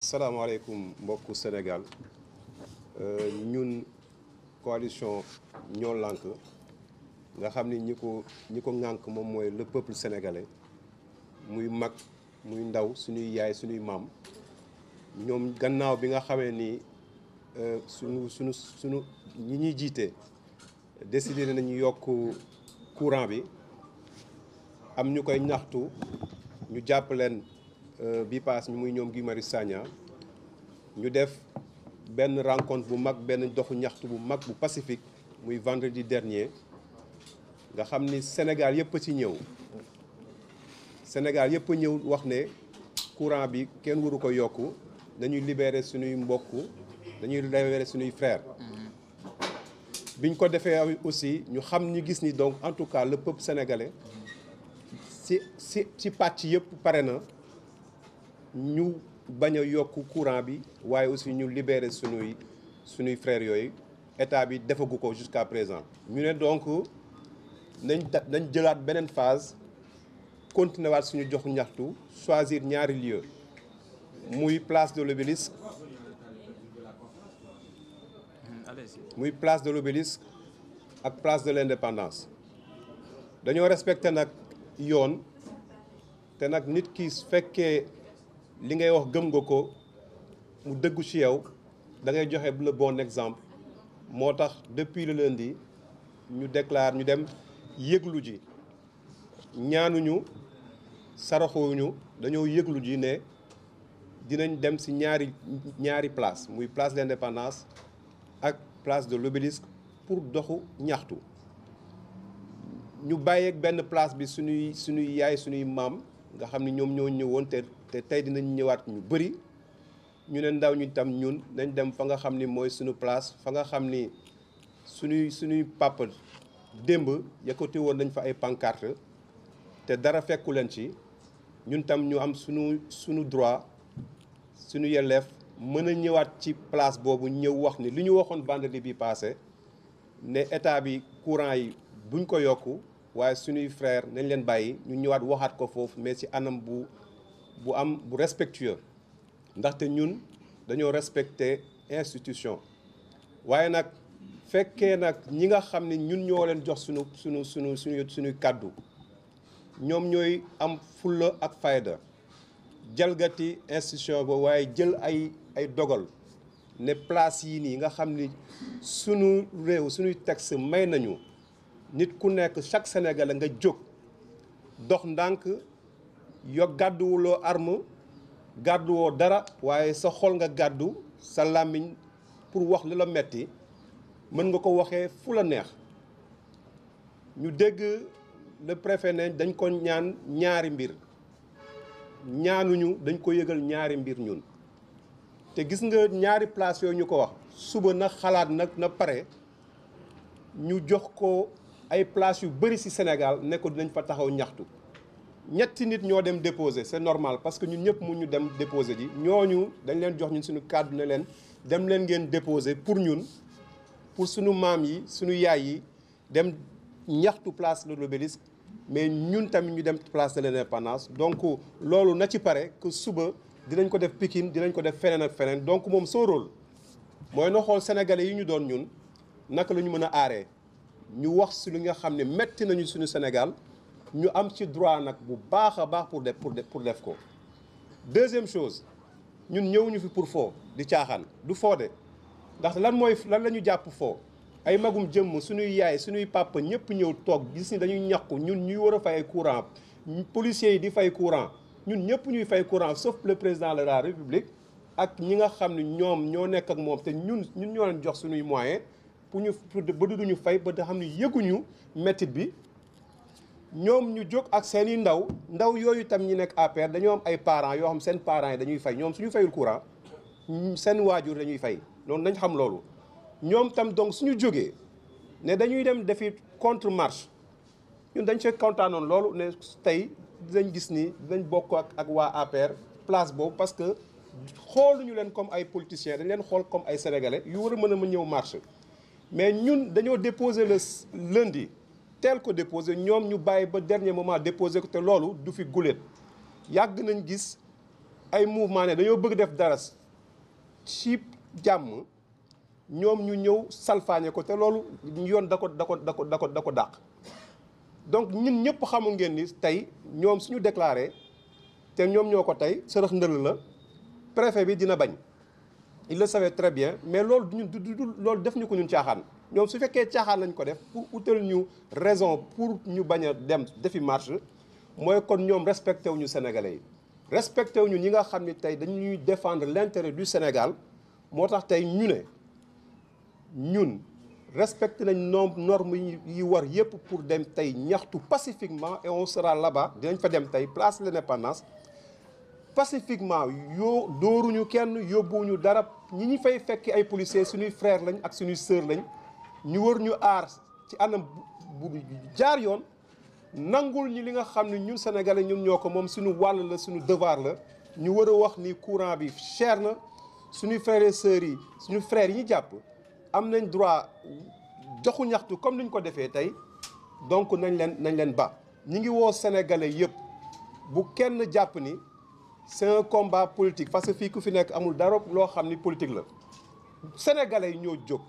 salaamaaleykum mbokku Sénégal euh, ñun coalition ñoo lànk nga xam ni ñi ko ñi ko ŋànk moom mooy le peuple sénégalais muy mag muy ndaw suñuy yaay suñuy maam ñoom gannaaw bi nga xamee ni euh, suñu suñu suñu ñi ñuy jiite décidé nañu yokk courant bi am ñu koy ñaxtu ñu jàpp leen. Euh, bi paas ñu muy ñoom Guy Marius Sagna ñu def benn rencontre bu mag benn doxu ñaxtu bu mag bu pacifique muy vendredi dernier nga xam ni Sénégal yëpp a ci ñëw Sénégal yëpp ñëw wax ne courant bi kenn waru ko yokk dañuy libérer suñuy mbokk dañuy libérer suñuy frère mm-hmm. biñ ko defee aw aussi ñu xam ñu gis ni donc en tout cas le peuple si si si pàcc yëpp pare na ñu bañ a yokk courant bi waaye aussi ñu libérer suñuy suñuy frères yooyu état bi defagu ko jusqu'à présent ñu ne donc nañ nañ jëlaat beneen phase continuer suñu jox ñaxtu choisir ñaari lieu muy place de l'obélisque muy place de l'obélisque ak place de l'indépendance dañoo respecté nag yoon te nag nit ki fekkee li ngay wax gëm nga ko mu dëggu ci yow da ngay joxe le bon exemple moo tax depuis le lundi ñu déclare ñu dem yëglu ji ñaanuñu saraxuñu dañoo yëglu ji ne dinañ dem ci ñaari ñaari place muy place d'indépendance ak place de l'obélisque pour doxu ñaxtu ñu bàyyeeg benn place bi suñuy suñuy yaay suñuy maam nga xam ni ñoom ñoo ñëwoon te te tey dinañ ñëwaat ñu bëri ñu ne ndaw ñu tam ñun nañ dem fa nga xam ni mooy suñu place fa nga xam ni suñuy suñuy papa démb yëkkati woon nañ fa ay pancarte te dara fekku leen ci ñun tam ñu am suñu suñu droit suñu yelleef mën a ñëwaat ci place boobu ñëw wax ni li ñu waxoon vendredi bi passé ne état bi courant yi buñ ko yokk waaye suñuy frère nañ leen bàyyi ñu ñëwaat waxaat ko foofu mais ci anam bu bu am bu respectueux ndaxte ñun dañoo respecter institution waaye nag fekkee nag ñi nga xam ni ñun ñoo leen jox suñu suñu suñu suñu suñuy kàddu ñoom ñooy am fulla ak fayda jalgati institution ba waaye jël ay ay dogal ne place yii nii nga xam ni suñu réew suñuy texte may nañu nit ku nekk chaque Sénégalais nga jóg dox ndànk yo gàdduwuloo arme gàdduwoo dara waaye sa xol nga gàddu sa làmmiñ pour wax li la metti mën nga ko waxee fu la neex ñu dégg le préfet ne dañ ko ñaan ñaari mbir ñaanuñu dañ ko yëgal ñaari mbir ñun te gis nga ñaari place yooyu ñu ko wax suba na xalaat nag na pare ñu jox ko ay place yu bari ci senegal ne ko dinañ fa taxaw ñaxtu ñetti nit ñoo dem déposer c'est normal parce que ñun ñëpp mu ñu dem déposé ji ñooñu dañ leen jox ñun suñu kàddu ne leen dem leen ngeen déposé pour ñun pour suñu maam yi suñu yaay yi dem ñaxtu place de l'Obélisque mais ñun tamit ñu dem place de l'Indépendance donc loolu na ci pare que suba dinañ ko def Pikine dinañ ko def feneen ak feneen donc moom son rôle mooy na xool sénégalais yi ñu doon ñun naka la ñu mën a aaree ñu wax si li nga xam ne metti nañu suñu Sénégal ñu am ci droit nag bu baax a baax pour def pour def ko deuxième chose ñun ñëwuñu fi pour foo di caaxaan du foode ndax lan mooy lan la ñu jàpp foo ay magum jëmm suñuy yaay suñuy papa ñëpp ñëw toog gis ni dañuy ñàkku ñun ñuy war a fay courant policiers yi di fay courant ñun ñëpp ñuy fay courant sauf le président de la république ak ñi nga xam ne ñoom ñoo nekk ak moom te ñun ñun ñoo leen jox suñuy moyen pour ñu ba duñu fay ba da xam ni yëguñu métit bi ñoom ñu jóg ak seen i ndaw ndaw yooyu tam ñi nekk APR dañoo am ay parents yoo xam seen parents yi dañuy fay ñoom suñu fayul courant seen waajur dañuy fay loolu nañ xam loolu ñoom tam donc suñu jógee ne dañuy dem defi contre marche ñun dañ see kontaanoon loolu ne tey dinañ gis ni dañ bokk ak ak waa APR place boobu parce que ñu leen comme ay politiciens dañ leen xool comme ay sénégalais yu war a mën a mën ñëw marche mais ñun dañoo déposer le lundi teel ko déposé ñoom ñu bàyyi ba dernier moment déposé ko te loolu du fi guléet yàgg nañ gis ay mouvement ne dañoo bëgg def dara ci jàmm ñoom ñu ñëw salfaañe ko te loolu ñu yoon da ko da ko da ko da ko da ko dàq donc ñun ñëpp xamu ngeen ni tey ñoom suñu déclaré te ñoom ñoo ko tey sërëx ndël la préfet bi dina bañ il le savait très bien mais loolu du ñu du loolu def ñu ko ñun caaxaan ñoom su fekkee caaxaan lañ ko def pour utal ñu raison pour ñu bañ a dem defi marche mooy kon ñoom respecté wuñu sénégalais yi respecté ñu ñi nga xam ne tey dañuy défendre l'intérêt du Sénégal moo tax tey ñu ne ñun respecté nañ nom norme yi war yëpp pour dem tey ñaxtu pacifiquement et on sera dinañ fa dem tey place l'indépendance pacifiquement yoo dóoruñu kenn yóbbuwuñu dara ñi ñu fay fekk ay policiers suñuy frère lañ ak suñuy sœur lañ ñu war ñu aar ci anam bu jaar yoon nangul ñi li nga xam ne ñun sénégalais ñun ñoo ko moom suñu wàll la suñu devoir la ñu war a wax ni courant bi cher na suñuy frères et yi suñu frères yi ñu jàpp am nañ droit joxu ñaxtu comme ni ko defee tey donc nañ leen nañ leen ba ñi ngi woo sénégalais yëpp bu kenn jàpp ni c'est un combat politique parce que fii ku fi nekk amul dara loo xam ni politique la sénégalais yi ñoo jóg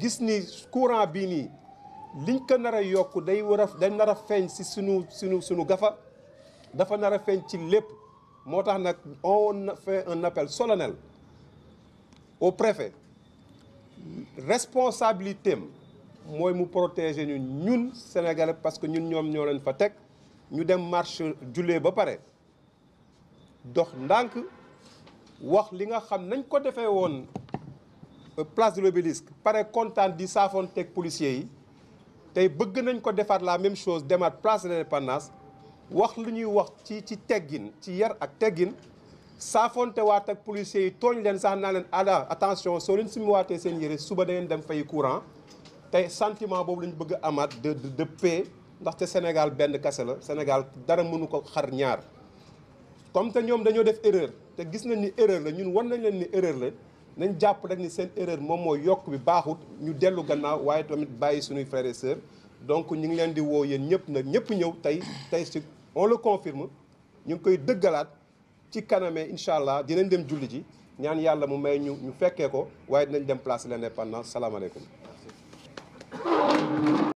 gis ni courant bii nii liñ ko nar a yokk day war a day nar a feeñ si sunu sunu sunu gafa dafa nar a feeñ ci lépp moo tax nag on fait un appel solennel au préfet responsabilité mooy mu protéger ñu ñun sénégalais parce que ñun ñoom ñoo leen fa teg ñu dem marche jullee ba pare dox ndànk wax li nga xam nañ ko defee woon euh, place de l'obélisque pare kontaan di saafoonteeg policier yi tey bëgg nañ ko defaat la même chose demaat place de l'indépendance wax lu ñuy wax ci ci teggin ci yar ak teggin saafonte waat ak policiers yi tooñ leen sax naa leen ala attention soo leen sumu waatee seen yére suba da ngeen dem fay courant tey sentiment boobu lañu bëgg amaat de de paix ndaxte Sénégal benn kase la Sénégal dara mënu ko xar ñaar comme que ñoom dañoo def erreur te gis nañ ni erreur la ñun wan nañ leen ni erreur la nañ jàpp rek ni seen erreur moom mooy yokk bi baaxut ñu dellu gannaaw waaye tamit bàyyi suñuy frères et donc ñu ngi leen di woo yéen ñëpp nag ñëpp ñëw tey tey si on le confirme ñu ngi koy dëggalaat ci kanamee incha allah dinañ dem julli ji ñaan yàlla mu may ñu ñu fekkee ko waaye dinañ dem place l'indépendance salaamaaleykum